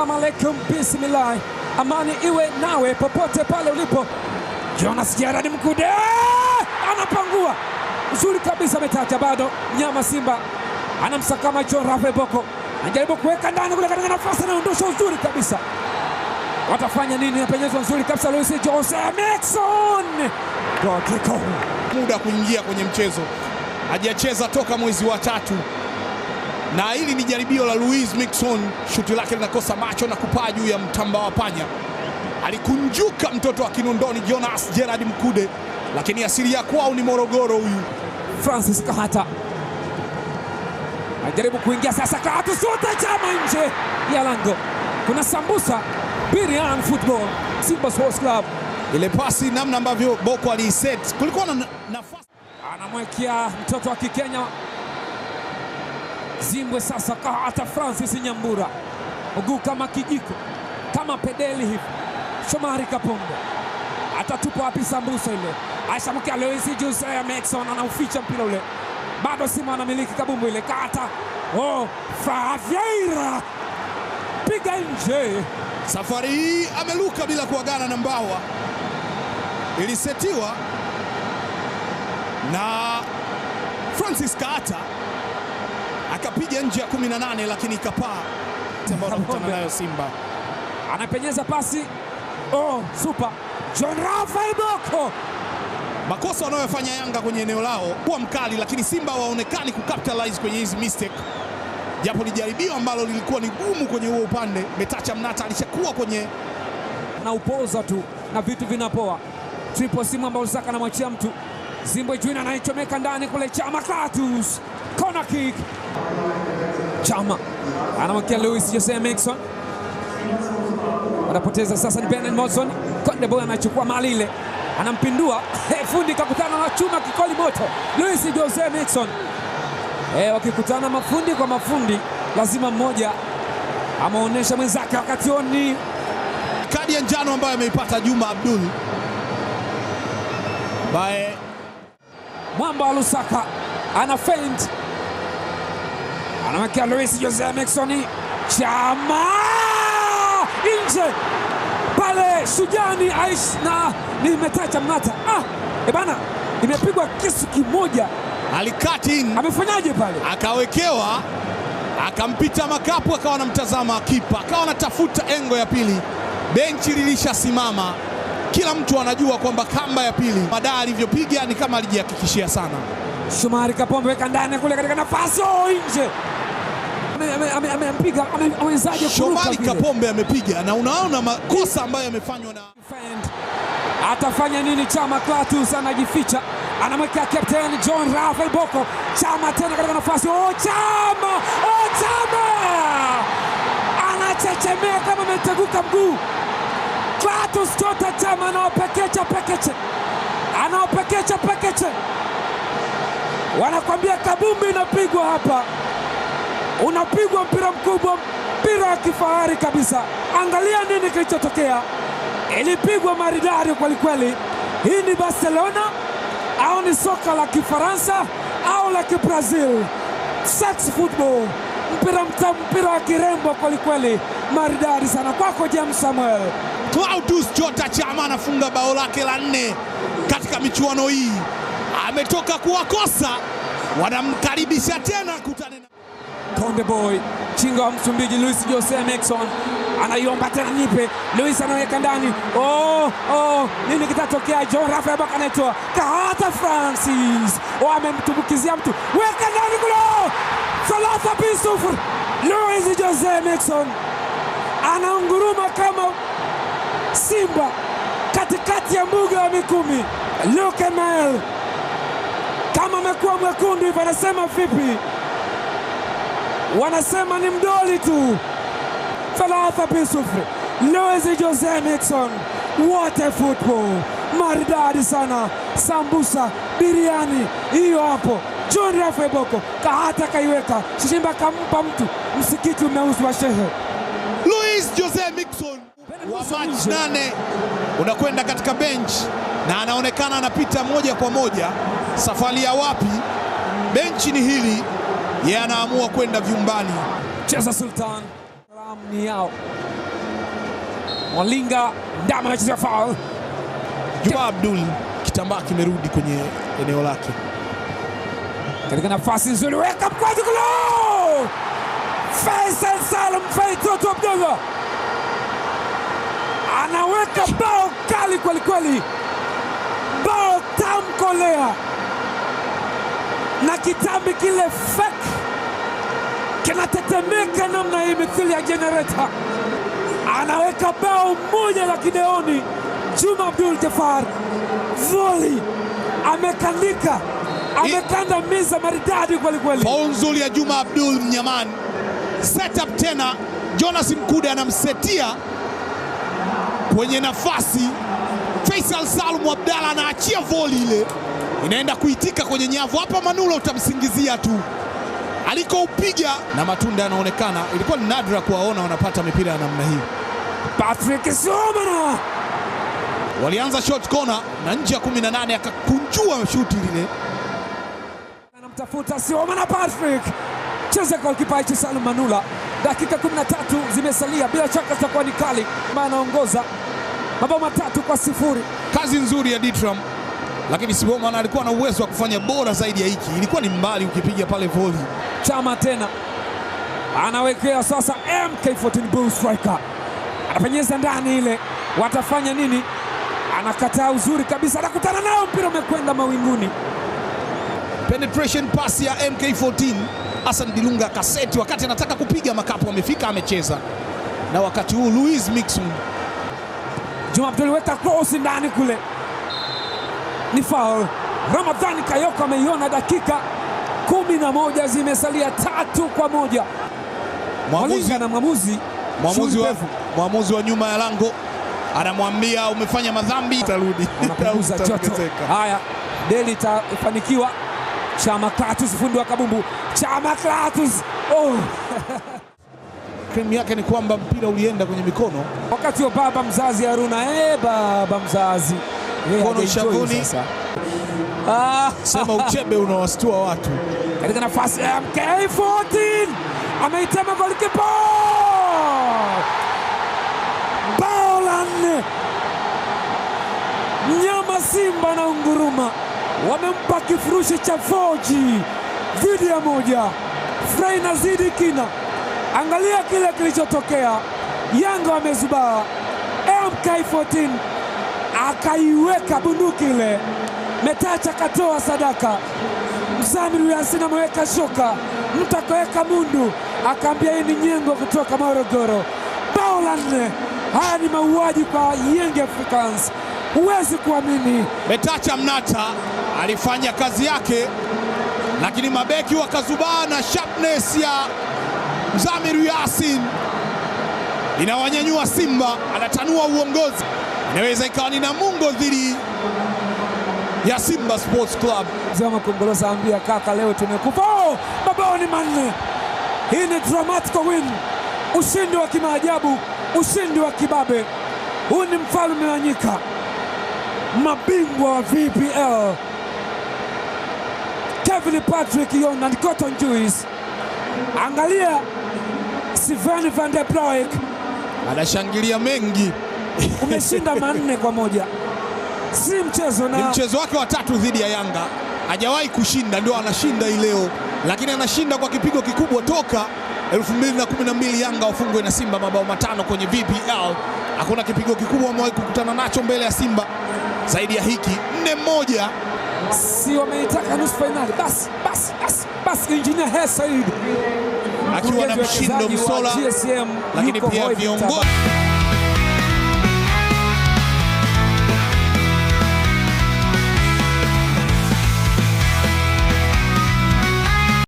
Assalamu alaikum, bismillah, amani iwe nawe popote pale ulipo. Jonas Gerard Mkude anapangua nzuri kabisa, metaja bado nyama Simba anamsakama John Rafael Boko, anajaribu kuweka ndani kule katika nafasi, anaondosha uzuri kabisa. Watafanya nini? napenyezwa nzuri kabisa, Luis Jose Mixon muda kuingia kwenye mchezo, hajacheza toka mwezi wa tatu na hili ni jaribio la Luis Mixon, shuti lake linakosa macho na kupaa juu ya mtamba wa panya. Alikunjuka mtoto wa Kinondoni Jonas Gerard Mkude, lakini asili ya kwao ni Morogoro. Huyu Francis Kahata anajaribu kuingia sasa, Kahata sote chama nje ya lango. Kuna sambusa Birian Football, Simba Sports Club. Ile pasi namna ambavyo Boko aliiset, kulikuwa na nafasi, anamwekea mtoto wa Kikenya Zimbwe sasa kaata Francis Nyambura, mguu kama kijiko kama pedeli hivi. Shomari Kapombe atatupa wapi sambusa ile? Aishamkia Loisi Juse Mekson anauficha mpira ule, bado Simba anamiliki kabumbu ile, kaata oh, Favieira piga nje. Safari hii ameluka bila kuagana na mbawa, ilisetiwa na Francis Kaata akapiga nje ya 18 lakini ikapaa, ambayo nayo Simba, anapenyeza pasi oh, super John Rafael Boko. Makosa wanayofanya Yanga kwenye eneo lao kuwa mkali, lakini Simba waonekani kucapitalize kwenye hizi mistake, japo ni jaribio ambalo lilikuwa ni gumu kwenye huo upande. Metacha Mnata alishakuwa kwenye na upoza tu na vitu vinapoa, triple simu ambayo Saka anamwachia mtu Zimbwe Junior anaichomeka ndani kule, Chama Clatous corner kick. Chama anamwekea Luis Jose Mixon, anapoteza sasa. Ni Bernard Morrison Kondeboy anachukua mali ile, anampindua hey, fundi kakutana na chuma kikoli moto. Luis Jose Mixon hey, wakikutana mafundi kwa mafundi, lazima mmoja ameonyesha mwenzake. Wakati huo ni kadi ya njano ambayo ameipata Juma Abdul bae mwamba wa Lusaka ana feint anamwekea Luis Jose Miquissone Chama nje pale, Shujani Aishi na nimetaja mata ah, ebana, eh imepigwa kisu kimoja. Alikati amefanyaje pale? Akawekewa, akampita makapu, akawa anamtazama kipa, akawa anatafuta engo ya pili. Benchi lilishasimama, kila mtu anajua kwamba kamba ya pili madaa alivyopiga ni kama alijihakikishia sana. Shomari Kapombe weka ndani kule katika nafasi oh, nje amepiga amewezaje kuruka Shomari Kapombe amepiga na unaona makosa ambayo yamefanywa na atafanya nini Chama Clatous anajificha anamwekea captain John Rafael Boko Chama tena katika nafasi oh, Chama oh, Chama anachechemea kama ameteguka mguu Clatous Tota Chama anawapekecha pekeche anawapekecha pekeche wanakwambia kabumbi inapigwa hapa unapigwa mpira mkubwa, mpira wa kifahari kabisa. Angalia nini kilichotokea, ilipigwa maridari kwelikweli. Hii ni Barcelona au ni soka la Kifaransa au la Kibrazil? Sex football, mpira mtamu, mpira wa kirembo kwelikweli, maridari sana. Kwako James Samuel. Claudius Jota Chama anafunga bao lake la nne katika michuano hii, ametoka kuwakosa, wanamkaribisha tena kutane Konde Boy, chinga wa Msumbiji Luis Jose Maxon anaiomba tena, nipe Luis, anaweka ndani. Oh, oh, nini kitatokea? John Rafael Baka anatoa kahata, Francis wamemtumbukizia mtu, weka ndani gulo salata bisufur. Luis Jose Maxon anaunguruma kama simba katikati ya mbuga wa Mikumi. Luke Mel kama amekuwa mwekundu hivi, anasema vipi? wanasema ni mdoli tu. Thalatha bisufuri. Luis Jose Miquissone, what a football! Maridadi sana, sambusa biriani hiyo hapo. John Rafa Boko kahata kaiweka shishimba, kampa mtu msikiti umeuzwa wa shehe. Luis Jose Mixon wa match nane unakwenda katika benchi na anaonekana anapita moja kwa moja. Safari ya wapi? Benchi ni hili yeye anaamua kwenda vyumbani. Cheza Sultan, salamu ni yao. Mwalinga Ndama anachezea foul. Juma Abdul kitambaa kimerudi kwenye eneo lake, katika nafasi nzuri, weka mkwaju kulo Faisal Salum Feitoto mdogo anaweka bao kali kwelikweli, bao tamkolea na kitambi kile fake kinatetemeka namna hii mithili ya jenereta. Anaweka bao moja la kideoni. Juma Abdul Jafar voli amekandika amekanda miza maridadi kwelikweli. Bao nzuri ya Juma Abdul Mnyaman. up tena, Jonas Mkude anamsetia kwenye nafasi. Faisal Salum Abdalla anaachia voli ile, inaenda kuitika kwenye nyavu. Hapa Manula utamsingizia tu alikoupiga na matunda yanaonekana. Ilikuwa ni nadra kuwaona wanapata mipira ya namna hii. Patrick Sumana walianza short corner na nje ya 18 akakunjua shuti lile, anamtafuta Sumana Patrick cheza golikipa hicho Salum Manula. Dakika 13 zimesalia, bila shaka zitakuwa ni kali, maana anaongoza mabao matatu kwa sifuri. Kazi nzuri ya Ditram, lakini Sibomana alikuwa na uwezo wa kufanya bora zaidi ya hiki. Ilikuwa ni mbali ukipiga pale voli. Chama tena anawekea sasa MK14 Bull Striker, anapenyeza ndani ile, watafanya nini? Anakataa uzuri kabisa, anakutana nao, mpira umekwenda mawinguni. Penetration pass ya MK14 Hassan Dilunga Kaseti, wakati anataka kupiga makapu, amefika amecheza, na wakati huu Luis Mixon Juma Abdul weka cross ndani kule, ni foul. Ramadhani Kayoko ameiona dakika kumi na moja zimesalia tatu kwa moja. Mwamuzi na mwamuzi mwamuzi wa, mwamuzi wa nyuma ya lango anamwambia umefanya madhambi, tarudi anapunguza joto. Haya, Deli itafanikiwa. Chamaklatus fundi wa kabumbu Chama Chamaklatus, oh. Krimu yake ni kwamba mpira ulienda kwenye mikono wakati wa baba mzazi Haruna. Eh, baba mzazi mkono shavuni. Sema uchebe unawastua watu katika nafasi ya MK14 ameitema golikipa bao la nne. Mnyama Simba na unguruma wamempa kifurushi cha foji g dhidi ya moja. na zidi kina, angalia kile kilichotokea. Yanga wamezubaa, MK14 akaiweka bunduki ile Metacha katoa sadaka, Msamiri Yasini ameweka shoka, mtu akaweka mundu, akaambia hii ni nyengo kutoka Morogoro. Bao la nne. Haya ni mauaji kwa Yanga Africans, huwezi kuamini. Metacha Mnata alifanya kazi yake, lakini mabeki wakazubaa na sharpness ya Mzamiru Yasin inawanyanyua Simba, anatanua uongozi, inaweza ikawa ni Namungo dhidi ya Simba Sports Club. Zama wa ambia kaka, leo tumekufa. Oh, mabao ni manne. Hii ni dramatic win, ushindi wa kimaajabu, ushindi wa kibabe. Huu ni mfalme wa nyika, mabingwa wa VPL Kevin Patrick Yon and Cotton Juice. Angalia Sven van der Broek anashangilia mengi umeshinda manne kwa moja. si mchezo na... ni mchezo wake wa tatu dhidi ya Yanga, hajawahi kushinda, ndio anashinda hii leo, lakini anashinda kwa kipigo kikubwa. Toka 2012 Yanga wafungwe na Simba mabao matano kwenye VPL, hakuna kipigo kikubwa amewahi kukutana nacho mbele ya Simba zaidi ya hiki, nne moja si wameitaka nusu fainali. Basi basi basi basi, Injinia Hersi Said akiwa na mshindo Msola, lakini pia viongozi